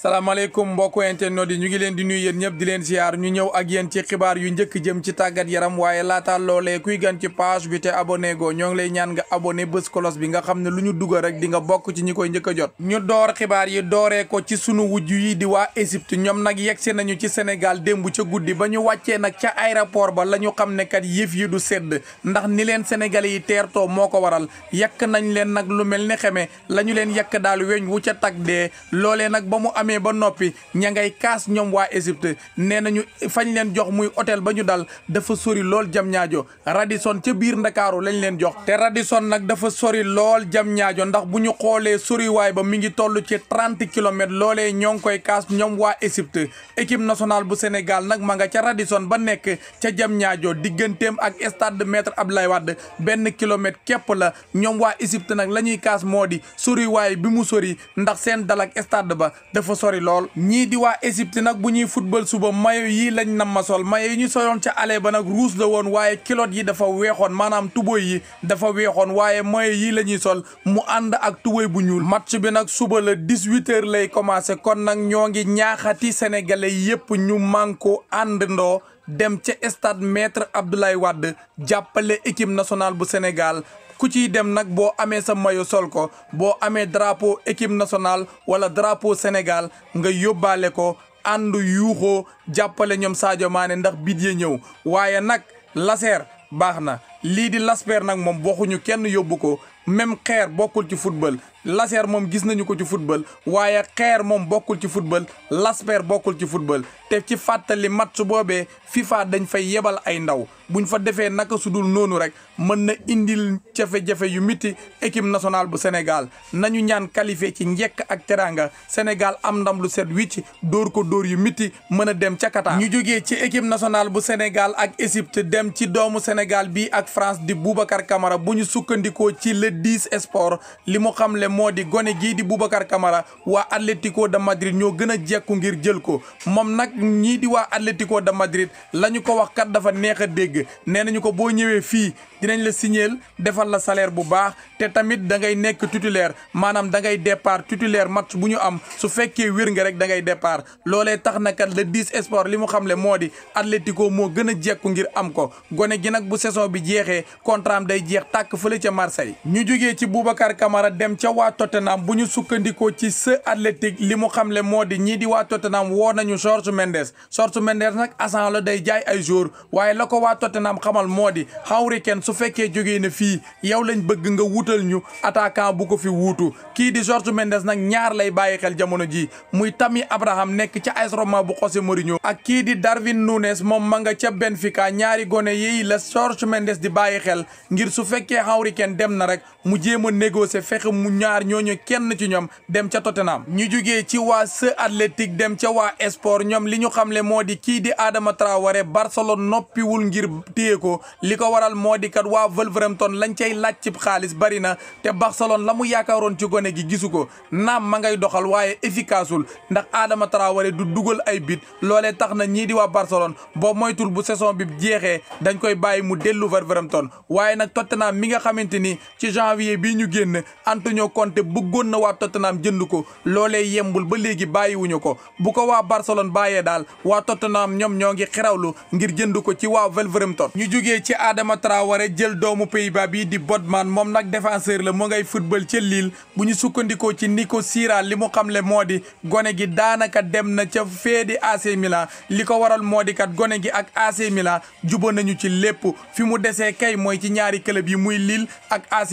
salaamaaleykum mbokku internautes yi ñu ngi leen di nuyu yéen ñëpp di leen siyaar ñu ñëw ak yéen ci xibaar yu njëkk jëm ci tàggat yaram waaye laata loolee kuy gan ci page bi te abonné go ñoo ngi lay ñaan nga abonné bés kolos bi nga xam ne lu ñu dugal rek dinga bokk ci ñu koy njëkk a jot ñu door xibaar yi dooree ko ci sunu wujj yi di waa Égypte ñoom nag yegsi nañu ci Sénégal démb ca guddi ba ñu wàccee nag ca aéroport ba la ñu xam ne kat yëf yi du sedd ndax ni leen Sénégalais yi teertoo moo ko waral yàkk nañ leen nag lu mel ne xeme la ñu leen yàkk daal weñ wu ca tag dee loolee nag ba mu amee amee ba noppi ña ngay kaas ñoom waa Égypte nee na nañu fañ leen jox muy otel ba ñu dal dafa sori lool jam ñaajo Radisson ca biir ndakaaru lañ leen jox te Radisson nag dafa sori lool jam ñaajo ndax bu ñu xoolee soriwaay ba mi ngi toll ci trente kilomètres loolee ñoo ngi koy kaas ñoom waa Égypte équipe nationale bu Sénégal nag ma nga ca Radisson ba nekk ca jam ñaajo digganteem ak stade ab Abdoulaye Wade benn kilomètre képp la ñoom waa Égypte nag la ñuy kaas moo di soriwaay bi mu sori ndax seen dal ba sori lool ñii di waa Égypte nag bu ñuy football suba mayo yi lañ nam ma mayo yi ñu soyoon ca ale ba nag ruus la woon waaye kilot yi dafa weexoon maanaam tuboy yi dafa weexoon waaye mayo yi la ñuy sol mu ànd ak tuboy bu ñuul match bi nag suba la 18h lay commencé kon nag ñoo ngi ñaaxati sénégalais yépp ñu mànkoo àndandoo dem ca stade maître Abdoulaye Wade jàppale équipe nationale bu Sénégal ku ciy dem nag boo amee sa mayo sol ko boo amee drapo équipe nationale wala drapo Sénégal nga yóbbaale ko ànd yuuxoo jàppale ñoom Sadio Mané ndax bit ya ñëw waaye nag laser baax na lii di lasper nag moom waxuñu kenn yóbbu ko même xeer bokkul ci football laser moom gis nañu ko ci football waaye xeer moom bokkul ci football lasper bokkul ci football te ci fàttali mat su boobee FIFA dañ fay yebal ay ndaw buñ fa defee naka su dul noonu rek mën na indil jafe-jafe yu miti équipe nationale bu Sénégal nañu ñaan qualifié ci njekk ak teraanga Sénégal am ndam lu set wicc dóor ko dóor yu miti mën a dem ca Qatar. ñu jógee ci équipe nationale bu Sénégal ak Égypte dem ci doomu Sénégal bi ak France di Boubacar Camara bu ñu sukkandikoo ci le 10 sport moo di gone gii di Boubacar Camara waa Atlético de Madrid ñoo gën a jekku ngir jël ko moom nag ñii di waa Atlético de Madrid la ñu ko wax kat dafa neex a dégg nee nañu ko boo ñëwee fii dinañ la signéel defal la salaire bu baax te tamit da ngay nekk titulaire maanaam da ngay départ titulaire match bu ñu am su fekkee wér nga rek da ngay départ loolee tax na kat le 10 sport li mu xamle moo di Atlético moo gën a jekku ngir am ko gone gi nag bu saison bi jeexee contrat day jeex tàkk fële ca Marseille waa Tottenham bu ñu sukkandikoo ci se athlétique li xam xamle moo di ñii di waa Tottenham woo nañu George Mendes George Mendes nag agent la day jaay ay jour waaye la ko waa Tottenham xamal moo di Harry Kane su fekkee jógee na fii yow lañ bëgg nga wutal ñu attaquant bu ko fi wuutu kii di George Mendes nag ñaar lay bàyyi xel jamono ji muy Tammy Abraham nekk ca AS Roma bu José Mourinho ak kii di Darwin Núñez moom ma nga ca Benfica ñaari gone yi la George Mendes di bàyyi xel ngir su fekkee Harry dem rek ñaar ñooñu kenn ñoom dem ca Tottenham ñu jugee ci waa Sœur Atlétique ca waa Esport ñoom li ñu xamle moo di kii di Adama Traoré Barcelone noppiwul ngir téye ko li ko waral moo di kat waa Wolverhampton lañ cay laaj xaalis bari na te Barcelone la mu yaakaaroon ci gone gisu ko naam ma ngay doxal waaye efficaceul ndax Adama Traoré du dugal ay bit loole tax na ñii di waa Barcelone boo moytul bu saison bi jeexee dañ koy bàyyi mu dellu Wolverhampton waaye nag Tottenham mi nga xamante ci janvier bii ñu génn Antonio Conte bëggoon na waa Tottenham jënd ko loolee yembul ba léegi wuñu ko bu ko waa Barcelone bàyyee daal waa Tottenham ñoom ñoo ngi xerawlu ngir jënd ko ci waa Wolverhampton ñu jugee ci Adama Traoré jël doomu Pays-Bas bi di Botman moom nag défenseur la mu ngay futbal ca bu ñu sukkandikoo ci Nico Sira li mu xamle moo di gone gi daanaka dem na ca fee di AC Milan li ko waral moo di kat gone gi ak AC Milan jubóo nañu ci lépp fi mu desee kay mooy ci ñaari club yi muy Lille ak AC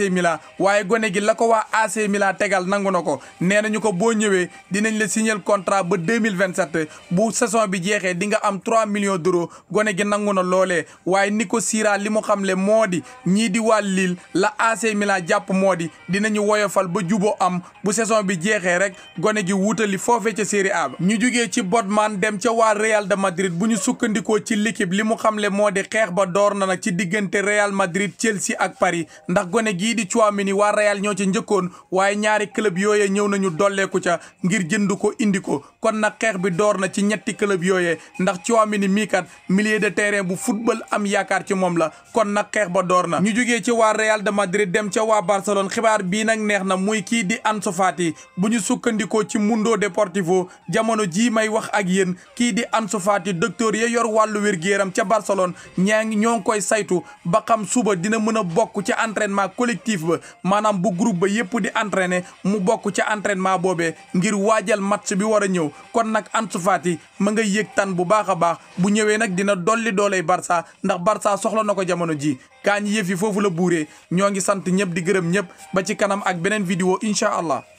AC tegal nangu na ko nee nañu ko boo ñëwee dinañ le signer contrat ba deux mille vingt sept bu saison bi jeexee dinga nga am trois millions d'euros gone gi nangu na loolee waaye ni ko Sira li mu xamle moo di ñii di waa Lille la AC Milan jàpp moo di dinañu woyofal ba jubo am bu saison bi jeexee rek gone gi wuutali foofee ca Serie A ñu jugee ci Botman dem ca waa Real de Madrid bu ñu sukkandikoo ci l'équipe li mu xamle moo di xeex ba door na nag ci diggante Real Madrid Chelsea ak Paris ndax gone gii di Tchouaméni waa Real ñoo ci njëkkoon waaye ñaari club yooyee ñëw nañu dolleeku ca ngir jënd ko indi ko kon nag xeex bi door na ci ñetti club yooye ndax ci waa Tchouaméni mii kat milieu de terrain bu football am yaakaar ci moom la kon nag xeex ba door na. ñu jugee ci waa Real de Madrid dem ca waa Barcelone xibaar bii nag neex na muy kii di Ansu Fati bu ñu sukkandikoo ci Mundo Deportivo jamono jii may wax ak yéen kii di Ansu Fati docteur ya yor wàllu wér yaram ca Barcelone ñaa ngi ñoo ngi koy saytu ba xam suba dina mën a bokk ca entraînement collectif ba maanaam bu groupe ba yépp di entraîné mu bokk ca entraînement boobee ngir waajal match bi war a ñëw kon nag Ansu Fati ma nga yëg tan bu baax a baax bu ñëwee nag dina dolli dooley Barça ndax Barça soxla na ko jamono ji kaa ñi yëf foofu la buuree ñoo ngi sant ñëpp di gërëm ñëpp ba ci kanam ak beneen vidéo incha allah